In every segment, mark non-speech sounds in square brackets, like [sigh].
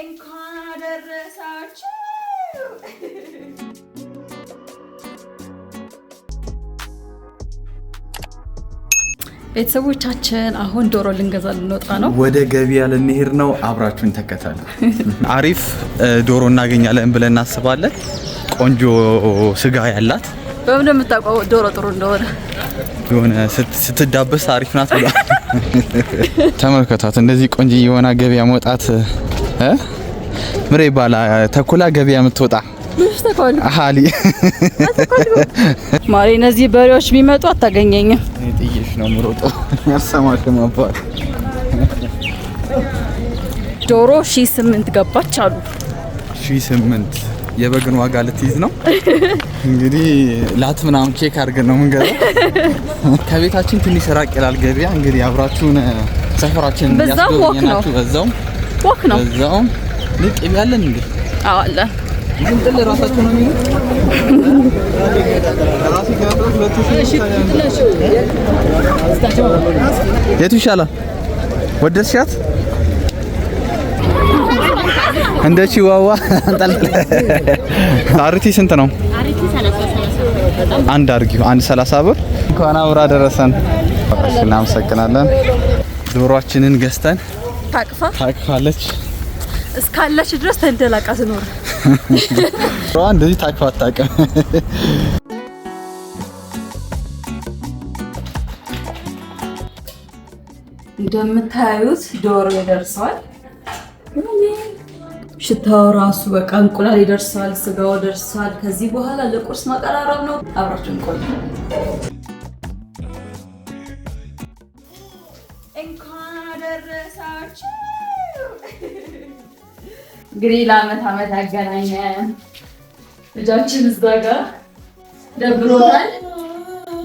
እንኳን አደረሳችሁ። ቤተሰቦቻችን አሁን ዶሮ ልንገዛ ልንወጣ ነው። ወደ ገበያ ልንሄድ ነው። አብራችሁን ተከተሉ። [laughs] አሪፍ ዶሮ እናገኛለን ብለን እናስባለን። ቆንጆ ስጋ ያላት በምን የምታውቀው ዶሮ ጥሩ እንደሆነ የሆነ ስትዳበስ አሪፍ ናት ብሏል። ተመልከቷት። እንደዚህ ቆንጆ የሆነ ገበያ መውጣት ምሬ ባላ ተኩላ ገበያ የምትወጣ አሊ ማሪ እነዚህ በሬዎች ቢመጡ አታገኘኝም። ጥይሽ ነው ምሮጦ ያሰማሽ ማባል ዶሮ ሺህ ስምንት ገባች አሉ። ሺህ ስምንት የበግን ዋጋ ልትይዝ ነው እንግዲህ። ላት ምናምን ቼክ አድርገን ነው የምንገዛው። ከቤታችን ትንሽ ራቅ ይላል ገበያ። እንግዲህ አብራችሁን ሰፈራችን ያስጎብኘናችሁ በዛውም ዋክ ነው። ያለን እንዴ? አዎ አለ። ግን ጥል ራሳቸው ነው የሚሉት። የቱ ይሻላል? ወደድሻት? እንደ ቺዋዋ አንጠልጥለ። አርቲ ስንት ነው? አንድ አርጊው፣ አንድ 30 ብር። እንኳን ደረሰን። እናመሰግናለን። ዶሯችንን ገዝተን ታቅፋ ታቅፋለች። እስካለች ድረስ ተንደላቃ ትኖር ሯ እንደዚህ ታቅፋ አታውቅም። እንደምታዩት ዶሮ ይደርሰዋል። ሽታው ራሱ በቃ እንቁላል ይደርሰዋል፣ ስጋው ደርሰዋል። ከዚህ በኋላ ለቁርስ ማቀራረብ ነው። አብራችን ቆዩ። እንግዲህ ለአመት አመት ያገናኘ ልጃችን እዛ ጋር ደብሮታል።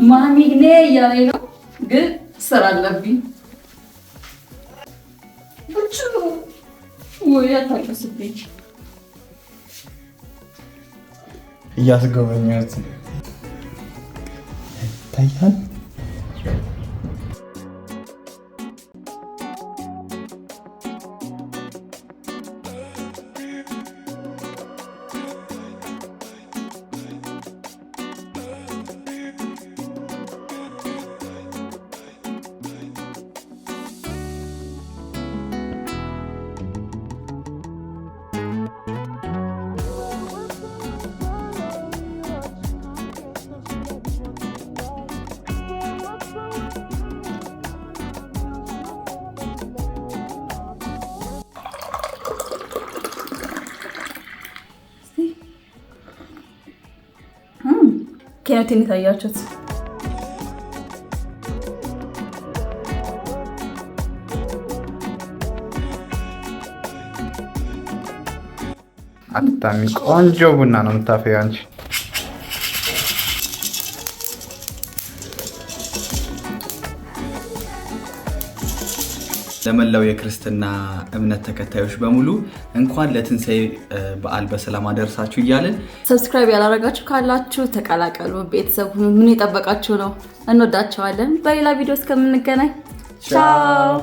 ማሚ ግኔ እያለኝ ነው፣ ግን ስራ አለብኝ። ብቻ ወይ አታቀስብኝ እያስጎበኛት ይታያል ኪነቴን የታያችሁት አጣሚ ቆንጆ ቡና ነው የምታፈዩ አንቺ። ለመላው የክርስትና እምነት ተከታዮች በሙሉ እንኳን ለትንሳኤ በዓል በሰላም አደረሳችሁ እያልን ሰብስክራይብ ያላረጋችሁ ካላችሁ ተቀላቀሉ። ቤተሰቡ ምን የጠበቃችሁ ነው? እንወዳቸዋለን። በሌላ ቪዲዮ እስከምንገናኝ ቻው።